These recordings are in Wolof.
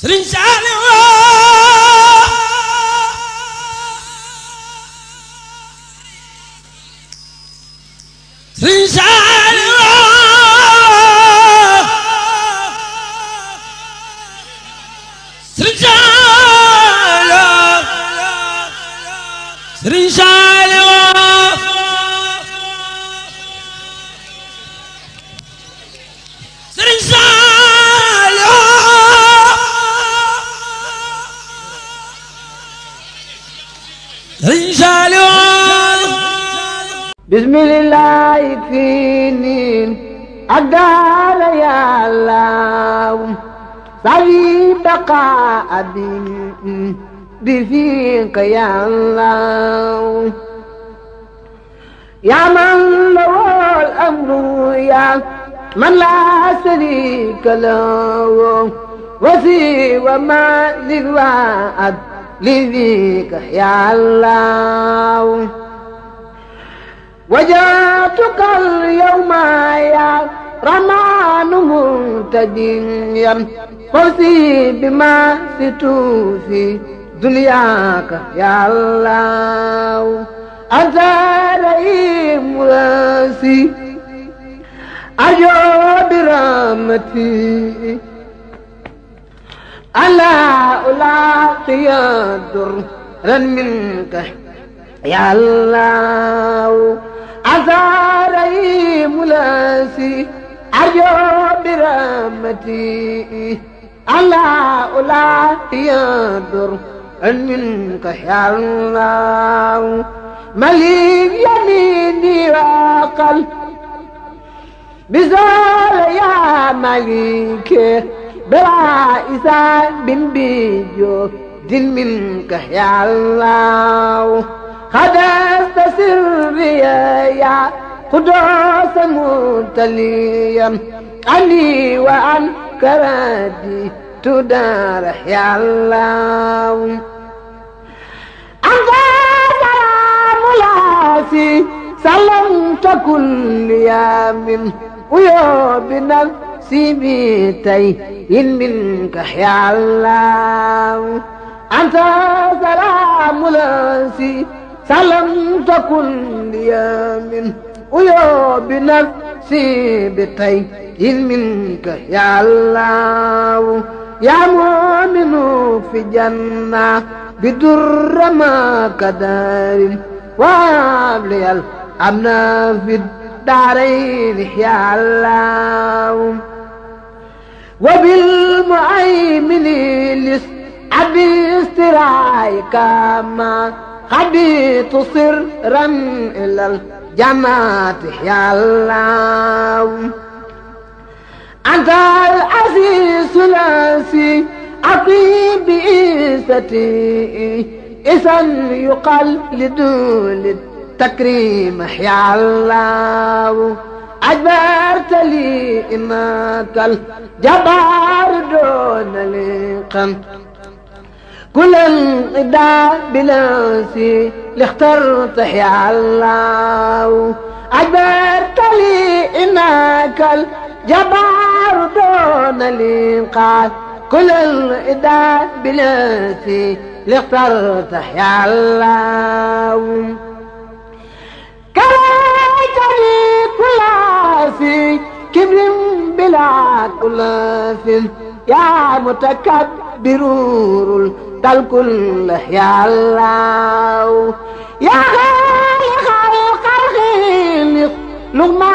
Serigne أبي بقى أبي بفيك يا الله يا من له الأمر يا من لا شريك له وسوى ما للوعد لذيك يا الله وجاتك اليوم يا رمان منتديا فوزي بما ستوفي دنياك يا الله أنت رئيم راسي أجو برامتي ألا ألاقي درا منك يا الله أزاري ملاسي أرجو برحمتي ألا ألا ينظر أن منك يا الله مليك يميني وقل بزول يا مليك بلا إسان بن بيجو دين منك يا الله خدست سري يا قداس متليا عني وعن كرادي تدار يا الله أنت سلام لاسي سلمت كل يوم ويا بنفسي بيتي إن منك يا الله أنت سلام لاسي سلمت كل يوم uyoo bi nafsi bi in minka yaa Allaahu yaa fi janna bi durra ma kadaarin waabliyal amna fi daarayni yaa wa bil mu'aymini lis abistiraay kama xaditu sirran ilal جماعتي يا الله أنت العزيز الأسي أقيم بإيستي إذا يقال لدول التكريم يا الله أجبرت لي إماك الجبار دون لقم كل انقضاء بلاسي لاخترته يا الله أجبرت لي إنك الجبار دون الإنقاذ كل الإداء بلاسي لاخترته يا الله كرهتني كل في كبر بلا كل يا متكبر الكل يا الله يا خير خلق الخلق لغما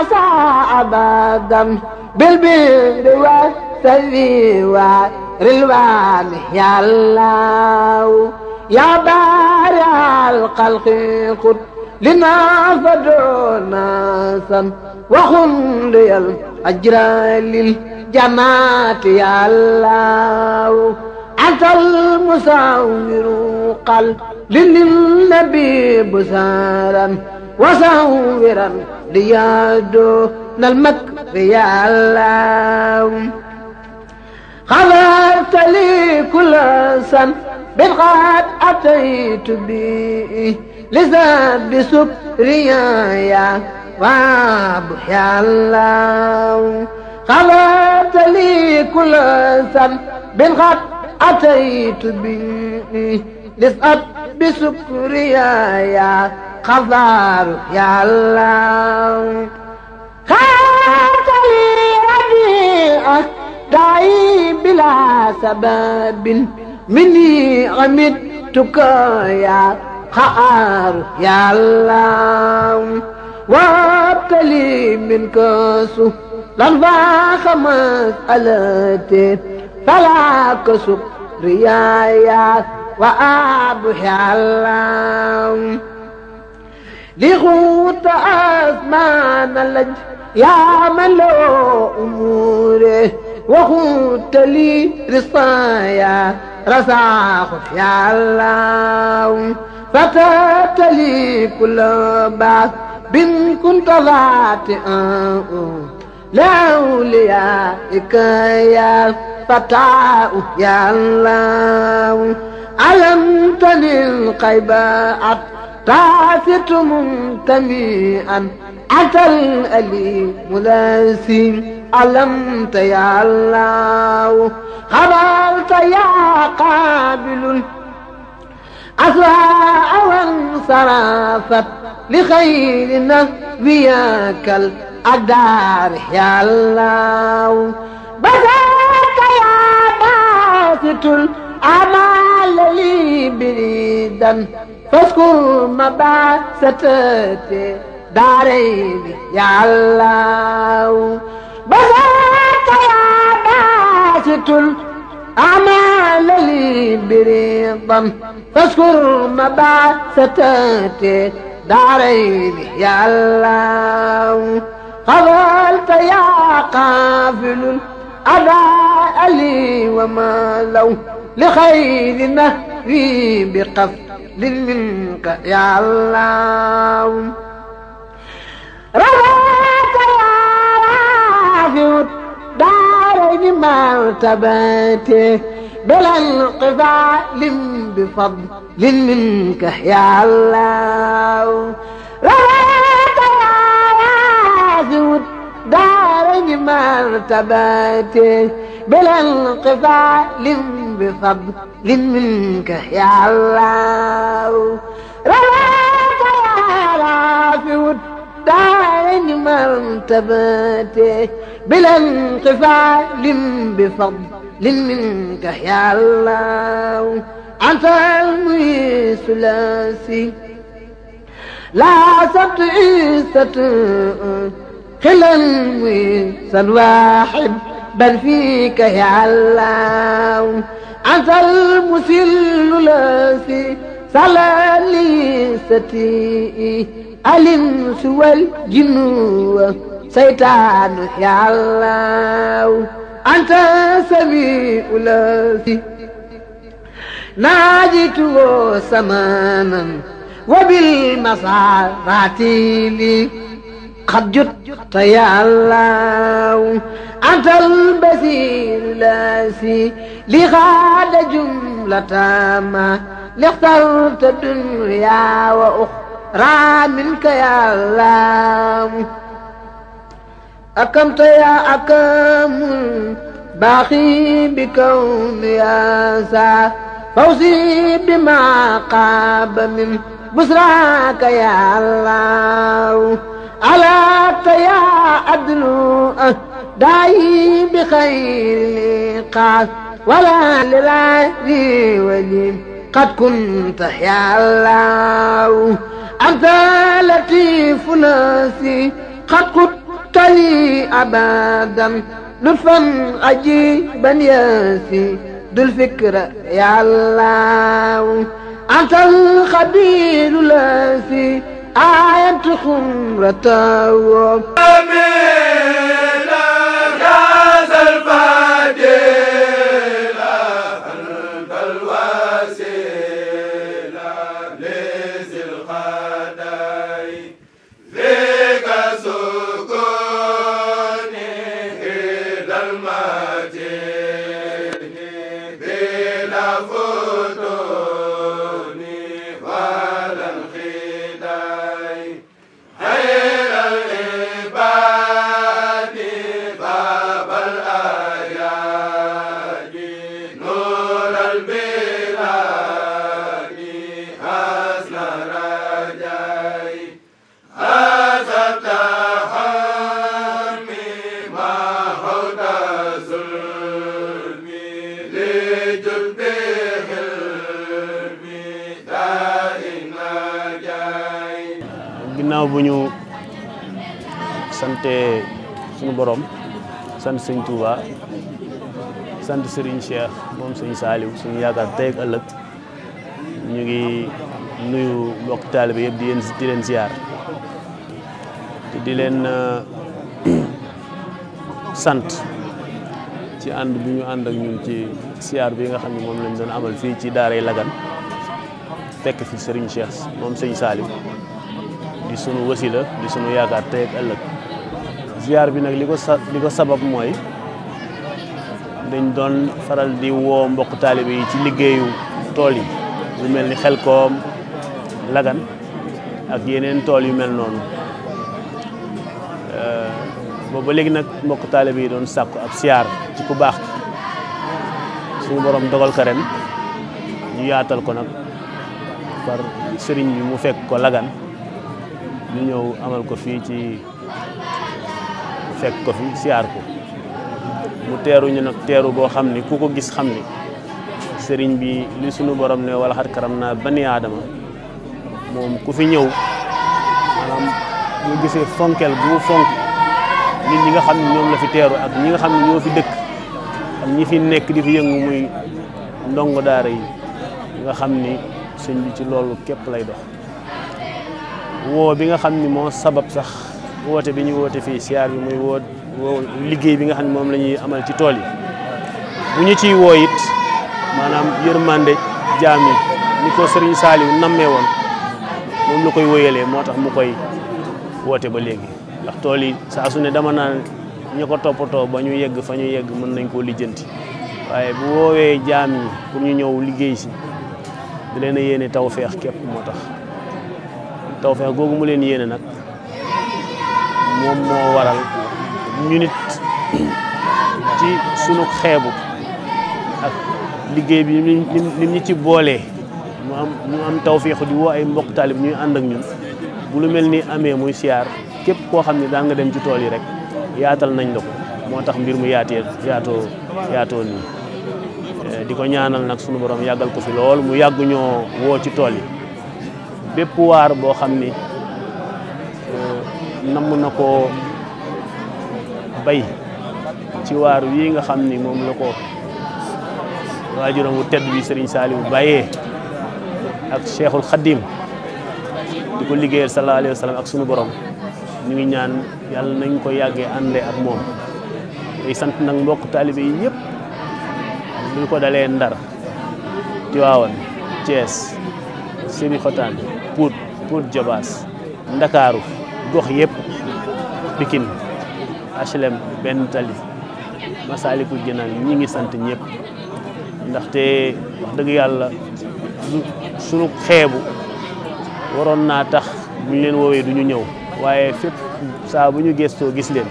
أساء أبدا بالبر والسبي والرلوان يا الله يا بارع الخلق قد لنا فدعونا سم وخند الأجر للجماعة يا الله أتى المساور قلب للنبي بسارا وساورا ليادو المكر يا الله خلقت لي كل سن بالغاد أتيت به لزاد سكريايا وابح يا الله خلقت لي كل سن بالغاد أتيت به لسأت بسكريا يا خضار يا الله خانت لي ربيعك دعي بلا سبب مني عمدتك يا خار يا الله وابتلي منك سهلا فاخ مسألتي فلا كسب ريايا وأبحى اللام لغوت أزمان اللج يا من له أموره وغوت لي رصايا رساه في اللام فتات لي كل بعث بن كنت ذات لأوليائك يا فتاة يا الله علمت للقيبات تعثت منتميئا أتى الأليم لاسيم علمت يا الله خبرت يا قابل أسواء وانصرفت لخير نبيك ak daar yàllaaw basaaka yaa baasitul amaal li biridan faskur ma baasatati daarayni yàllaaw basaaka yaa baasitul amaal li biridan faskur ma baasatati daarayni yàllaaw غفلت يا قافل أداء لي وما لو لخير نهري بقفل منك يا الله رفعت يا رافع دارين مرتبتي بلا انقفال بفضل منك يا الله رفعت والثبات بلا انقطاع بفضل منك يا الله رواك يا رافع الدارين مرتبات بلا انقطاع بفضل منك يا الله أنت المي ثلاثي لا ستعيسة خلال ويسا واحد بل فيك يا علام أنت المسل لاسي سلالي ستي الإنس والجن سيطان يا علام أنت سميع لاسي ناجت سمانا وبالمصارات لي قد جدت يا الله أنت البصير لاسي لغاد جملة ما لاخترت الدنيا وأخرى منك يا الله أكمت يا أكم باقي بكون يا سا فوزي بما قاب من بسراك يا الله داعي بخير قاس ولا للعدي وليم قد كنت يا الله أنت لطيف ناسي قد كنت لي أبدا لطفا عجيبا ياسي ذو الفكرة يا الله أنت الخبير لاسي آية خمرة آمين ginnaaw bu ñu sante suñu boroom sant sëñ Touba sant sëriñ Cheikh moom sëñ Saliou suñu yaakaar tey ak ñu ngi nuyu mbokk taalibe yëpp di leen di leen ziar te di leen euh, sant ci ànd bi ñu ànd ak ñun ci ziar bi nga xam ne moom lañ doon amal fii ci daaray Lagan fekk fi sëriñ Cheikh moom sëñ Saliou sunu wasila di sunu yaakaar tey ak ëllëg ziar bi nag li ko sa sabab mooy dañ doon faral di woo mbokk taalibe yi ci liggéeyu tool yi lu mel ni xel Xelkom Lagan ak yeneen tool yu mel noonu euh, booba léegi nag mbokk taalibe yi doon sàkku ak ziar ci ku baax suñu borom dogal ko ñu yaatal ko nag par sëriñ bi mu fekk ko Lagan ñu ñëw amal ko fii ci fekk ko fi siyaar ko mu teeru ñu nag teeru boo xam ni ku ko gis xam ni sëriñ bi li sunu borom ne wala xat karam naa bani aadama moom ku fi ñëw maanaam ñu gisee fonkel bu mu fonk nit ñi nga xam ne ñoom la fi teeru ak ñi nga xam ne ñoo fi dëkk ak ñi fi nekk di fi yëngu muy ndongo daara yi nga xam ni sëñ bi ci loolu képp lay dox woo bi nga xam ni moo sabab sax woote bi ñu woote fii siyaar bi muy woo liggéey bi nga xam ne moom la ñuy amal ci tool yi bu ñu ciy woo it maanaam yërmande jaam yi ni ko Serigne Saliou nammee woon moom la koy wóyalee moo tax mu koy woote ba léegi ndax tool yi saa su ne dama naan ñu ko toppatoo ba ñu yegg fa ñu yegg mën nañ koo lijjanti waaye bu woowee jaam pour ñu ñëw liggéey si di na a yéene taw feex képp moo tax tawfeex googu mu leen yéene nag moom moo waral ñu ci sunu xeebu ak liggéey bi ni ni ci boole mu am ñu am di woo ay mbokk taalib ñuy ànd ak ñun bu lu mel ni amee muy siyaar képp koo xam ne daan nga dem ci tool yi rek yaatal nañ la ko moo tax mbir mu yaatee yaatoo yaatoo nii eh, di ko ñaanal nag sunu borom yàggal ko fi lool mu yàgg ñoo woo ci tool yi bépp waar boo xam ni euh, namm na ko bay ci waar wii nga xam ni moom la ko waajuram wu tedd bi Serigne Saliou bàyyee ak Cheikhul Khadim di ko liggéeyal sallallahu alayhi wa ak sunu borom ñu ngi ñaan yàlla nañ ko yàggee àndee ak moom tey sant nag mbokk taalibe yi yëpp ñu ko dalee Ndar Tiwaawan Thiès Sébikotane Pout Pout Diobass Ndakaaru gox yépp Pikine HLM benn tali Masaalikul yi ñi ngi sant ñëpp ndaxte wax dëgg yàlla suñu xeebu waroon naa tax bu ñu leen woowee du ñëw waaye fépp saa bu ñu gëstoo gis leen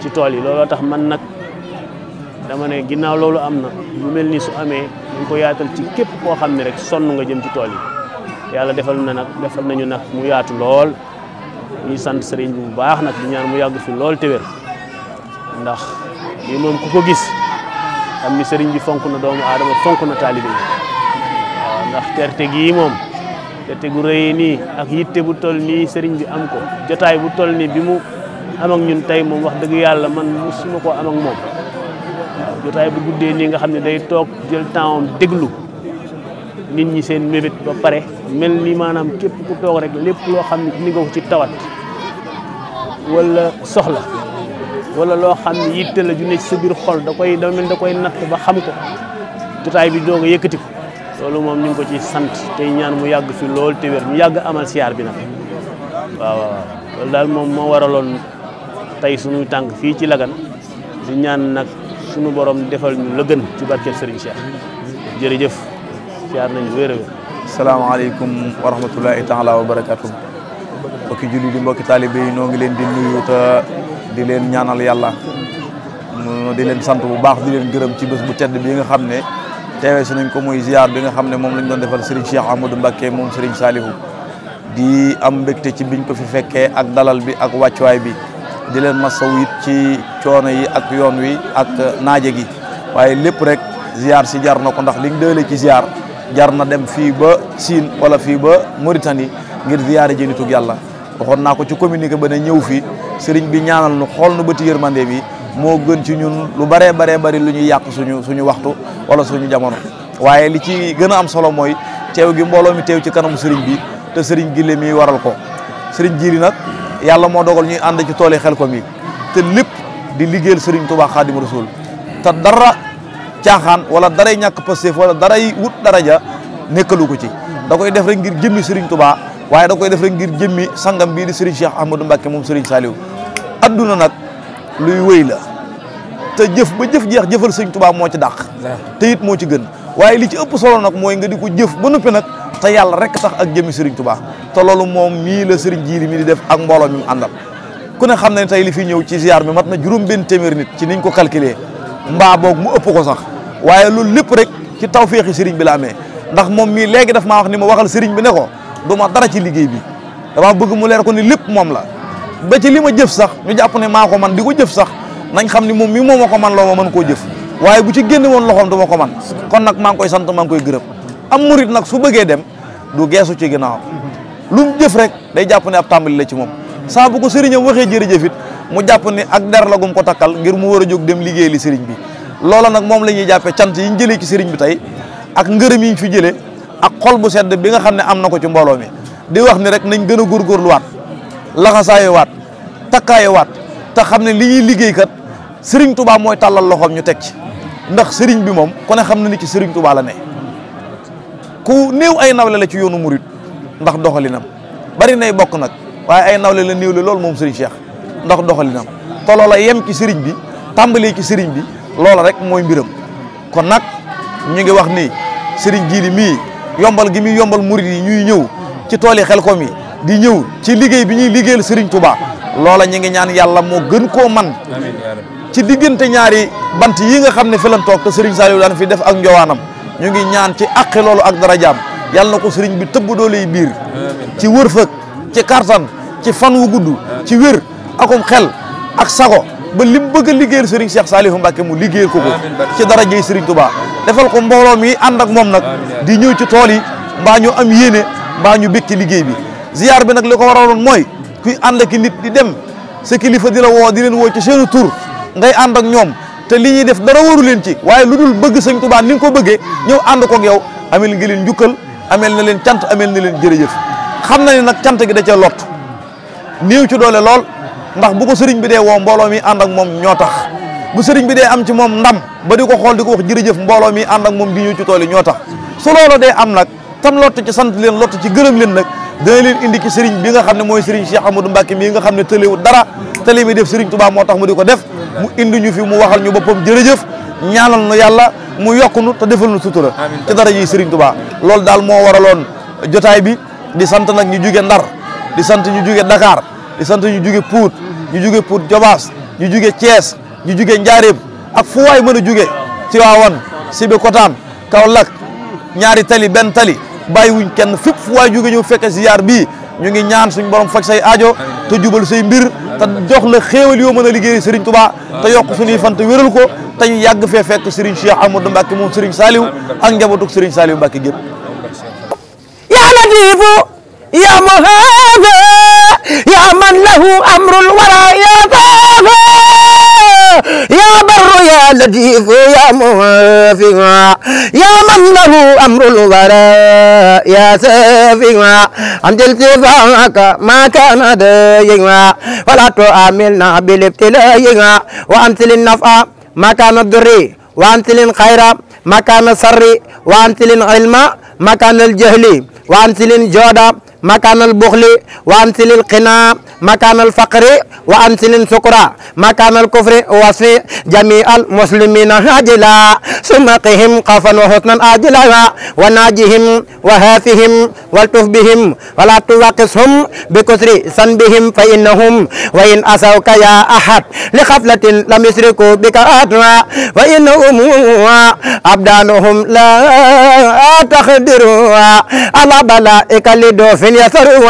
ci tool yi looloo tax man nag dama ne ginnaaw loolu am na lu mel nii su amee dañ ko yaatal ci képp koo xam ne rek sonn nga jëm ci tool yi yàlla defal na nag defal nañu nag mu yaatu lool ñuy sant sëriñ bi bu baax nag di ñaan mu yàgg fi lool te wér ndax lii moom ku ko gis am ni sëriñ bi fonk na doomu aadama fonk na taalibe ndax terte gii moom terte gu rëy nii ak yitte bu toll nii sëriñ bi am ko jotaay bu tol nii bi mu am ñun tey moom wax dëgg yàlla man musuma koo am ak moom waaw jotaay bu guddee nii nga xam ne day toog jël temps am déglu nit ñi seen mébét ba pare mel ni maanaam képp ku toog rek lépp loo xam ne ni nga ko ci tawat wala soxla wala loo xam ne yitte la ju ne ci biir xol da koy da da koy natt ba xam ko jotaay bi doog a yëkkati loolu moom ñu ngi ko ci sant tey ñaan mu yàgg si lool te wér ñu yàgg amal siyaar bi nag waaw waaw loolu daal moom moo waraloon tey suñu tànk fii ci lagan di ñaan nag suñu borom defal ñu la gën ci barkeel Serigne Cheikh jërëjëf siyaar nañu wér a wér salaamaaleykum wa rahmatulahi taala wa barakaatu mbokki julli di mbokki taalibe yi noo ngi leen di nuyu te di leen ñaanal yàlla di leen sant bu baax di leen gërëm ci bés bu tedd bi nga xam ne teewee si nañ ko muy ziar bi nga xam ne moom lañ doon defal Serigne Cheikh Amadou Mbacke moom Serigne Salihu di am mbégte ci biñ ko fi fekkee ak dalal bi ak wàccuwaay bi di leen masaw it ci coono yi ak yoon wi ak naaje gi waaye lépp rek ziar si jar na ko ndax liñ dële ci ziar. jar na dem fii ba siin wala fii ba Mauritanie ngir ziyaare ji nitug yàlla waxoon naa ko ci communiqué ba ne ñëw fii sëriñ bi ñaanal nu xool nu bëti yërmande bi moo gën ci ñun lu baree baree bari lu ñuy yàq suñu suñu waxtu wala suñu jamono waaye li ci gën a am solo mooy teew gi mbooloo mi teew ci kanamu sëriñ bi te sëriñ gile mi waral ko sëriñ jili nag yàlla moo dogal ñuy ànd ci tool yi xel ko mi te lépp di liggéeyal sëriñ Tuubaa Xaadimu Rasuul te caaxaan wala daray ñàkk Pastef wala daray wut daraja nekkalu ko ci da koy def rek ngir jëmmi Serigne Touba waaye da koy def ngir jëmmi sangam bii di Serigne Cheikh Ahmadou Mbacke moom Serigne Saliou adduna nag luy wéy la te jëf ba jëf jeex jëfal Serigne Touba moo ci dàq te it moo ci gën waaye li ci ëpp solo nag mooy nga di ko jëf ba noppi nag te yàlla rek tax ak jëmmi Serigne Touba te loolu moom mii la Serigne Djily mi di def ak mbooloo mi mu ku ne xam ne tey li fi ñëw ci ziar bi mat na juróom benn téeméer nit ci niñ ko calculer mbaa boog mu ëpp ko sax waaye loolu lépp rek ci taw tawféexi sëriñ bi la amee ndax moom mii léegi daf maa wax ni ma waxal sëriñ bi ne ko du ma dara ci liggéey bi dama bëgg mu leer ko ni lépp moom la ba li ma jëf sax ñu jàpp ne maa ko man di ko jëf sax nañ xam ni moom mii moo ma ko man loo ma mën koo jëf waaye bu ci génn woon loxoom du ma ko man kon nag maa ngi koy sant maa ngi koy gërëm am murit nag su bëggee dem du geesu ci ginnaaw lu mu jëf rek day jàpp ne ab tàmbali la ci moom saa bu ko sëriñam waxee jërëjëf it mu jàpp ne ak der la gum ko takkal ngir mu war a jóg dem liggéey li sëriñ bi loola nag moom la ñuy jàppee cant yi ñu jëlee ci sëriñ bi tey ak ngërëm yi ñu fi jëlee ak xol bu sedd bi nga xam ne am na ko ci mbooloo mi di wax ni rek nañ gën a waat laxasaayowaat takkaayowaat te xam ne li ñuy liggéey kat sëriñ tubaa mooy tàllal loxoom ñu teg ci ndax sëriñ bi moom ku ne xam na ni ci sëriñ tubaa la ne ku néew ay nawle la ci yoonu murit ndax doxalinam bari nay bokk nag waaye nawle la néew la loolu moom sëriñ Cheikh ndox doxalinam te loola yem ci sëriñ bi tàmbalee ci sëriñ bi loola rek mooy mbiram kon nag ñu ngi wax ni sëriñ Jili mii yombal gi muy yombal murid yi ñuy ñëw ci tool yi Xelkom yi di ñëw ci liggéey bi ñuy liggéeyal sëriñ Touba loola ñu ngi ñaan yàlla moo gën koo man ci diggante ñaari bant yi nga xam ne fi lan toog te sëriñ Saliou daan fi def ak njowaanam ñu ngi ñaan ci àqi loolu ak dara jaam yàlla na ko sëriñ bi tëbb doole yi biir ci wërfëg ci kartan ci fan wu gudd ci wér akum xel ak sago ba lim bëgg a liggéeyal Serigne Cheikh Saliou Mbacké mu liggéeyal ko ko ci dara jëy Serigne Touba defal ko mbooloo mi ànd moom nag di ñëw ci tool yi mbaa ñu am yéene mbaa ñu bég ci liggéey bi ziar bi nag li ko waraloon mooy kuy ànd ak nit di dem sa kilifa di la woo di leen woo ci seenu tur ngay ànd ak ñoom te li ñuy def dara waru leen ci waaye lu dul bëgg Serigne Touba ni nga ko bëggee ñëw ànd ko ak yow amel nga leen njukkal amel na leen cant amel na leen jërëjëf xam na nag cant gi da cee lott ci doole lool ndax bu ko sëriñ bi dee woo mbooloo mi ànd moom ñoo tax bu sëriñ bi dee am ci moom ndam ba di ko xool di ko wax jërëjëf mbooloo mi ànd moom gi ñu ci tool yi ñoo tax su loolu dee am nag tam lottu ci sant leen lottu ci gërëm leen nag dana leen indi ci sëriñ bi nga xam ne mooy sëriñ Cheikh Amadou Mbacke mii nga xam ne tëlewu dara tële mi def sëriñ Touba moo tax mu di ko def mu indi ñu fi mu waxal ñu boppam jërëjëf ñaanal nu yàlla mu yokk nu te defal nu sutura ci dara yi sëriñ Touba loolu daal moo waraloon jotaay bi di sant nag ñu jóge Ndar di sant ñu jóge Dakar di sant ñu jóge Pout ñu jóge Pout Jobaas ñu jóge Thiès ñu jóge Njaaréem ak fu waay mën a jóge Tiwaawan Sébikotane Kaolack ñaari tali benn tali bàyyiwuñ kenn fépp fu waay jóge ñëw si ziyaar bii ñu ngi ñaan suñ borom faj say aajo te jubal say mbir te jox la xéewal yoo mën a liggéey Serigne Touba te yokk suñuy fan te wéral ko ta ñu yàgg fee fekk Serigne Cheikh Amadou Mbacke moom Serigne Saliou ak njabootuk Serigne Saliou Mbacke gépp yaa latifu yaa muhaaba يا من له أمر الورى يا فافا يا بر يا لطيف يا موافق يا من له أمر الورى يا سافق عند التفاعك ما كان دينا ولا تؤملنا بالابتلاء وأمثل النفع ما كان الضري وأمثل الخير ما كان السر وأمثل العلم ما كان الجهل waan silil jooda makanal buxli waan silil xinaa makaanal faqri wa amsilin sukura makaanal kufri wasfi jami al muslimina ajila summa qihim xafan wa husnan ajila wa najihim wa haafihim waltuf bihim wala tuwaqishum bi kusri sanbihim fa innahum wa in asawka ya ahad li xaflatin lam yusriku bika adwa wa innahum abdanuhum la taqdiru ala balaika li dofin yasaru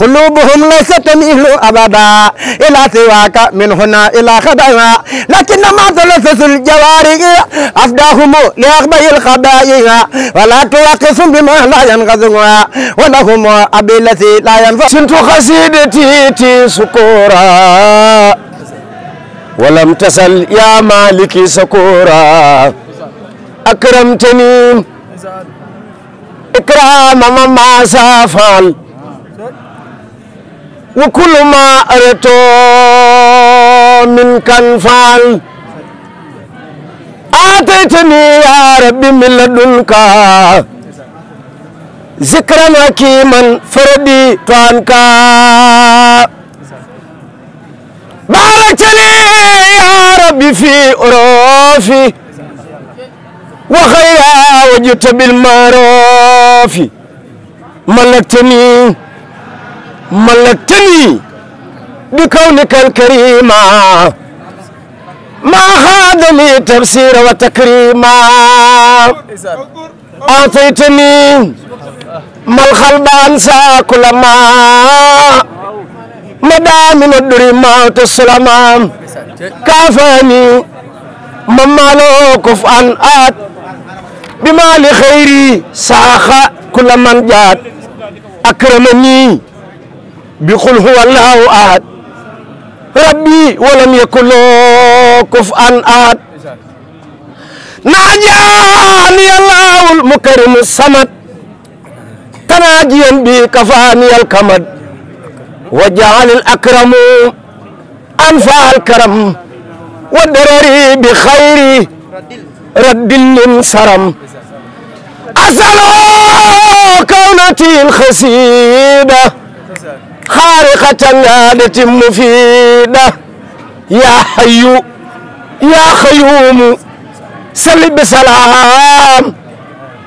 qulubuhum laysa tamilu أبدا إلى سواك من هنا إلى خدما لكن ما تلفظ الجوارح أفداهم لأخبي الخبائها ولا توقسم بما لا ينغزها ولهم أبي الذي لا ينفع سنت قصيدتي تي سكورا ولم تسل يا مالكي سكورا أكرمتني إكرام ما سافل وكل ما أردت منك انفعل آتيتني يا ربي من لدنك ذكرا حكيما فرديت عنك بارك لي يا ربي في أروفي وخيرا وجدت بالمعروف ملكتني ملتني بكونك الكريم ما خادني تفسير وتكريما أعطيتني ما الخلب أنسى كل ما مدى من الدريمات السلام كافاني مما لو كف عن آت بما لخيري ساخ كل من جات أكرمني bi qul huwa allahu ahad rabbi walam yakun lahu kufuwan ahad najaani allahul mukarimu samad tanaajiyan bi kafaani alkamad wa jaali alakramu anfa alkaram wa darari bi xayri raddin lin saram asalo kawnati alxasida خارقة عادة مفيدة يا حي يا خيوم سل بسلام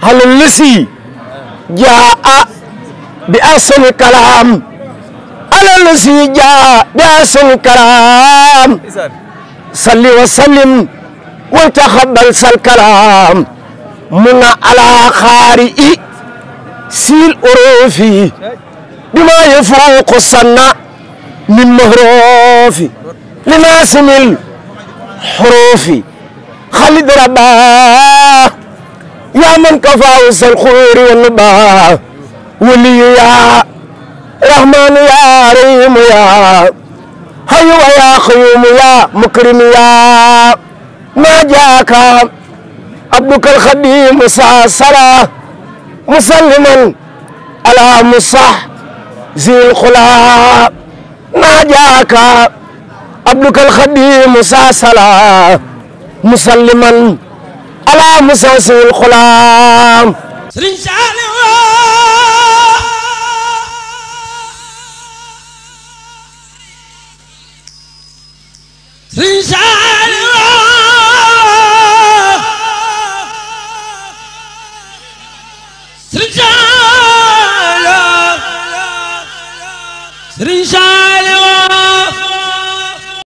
هل الذي جاء بأحسن كلام على الذي جاء بأحسن كلام صل وسلم وتقبل الكلام من على خارئ سيل أروفي بما يفوق السنة من مهروف لناسم الحروف خالد ربا يا من كفى الخير والنبا ولي يا رحمن يا رحيم يا حي يا قيوم يا مكرم يا ما جاك عبدك الخديم ساسرا مسلما على مصح zil xula naajaaka abdukal xadimu saasala musalliman ala musa zil xula sëriñ saali sëriñ saali rijaal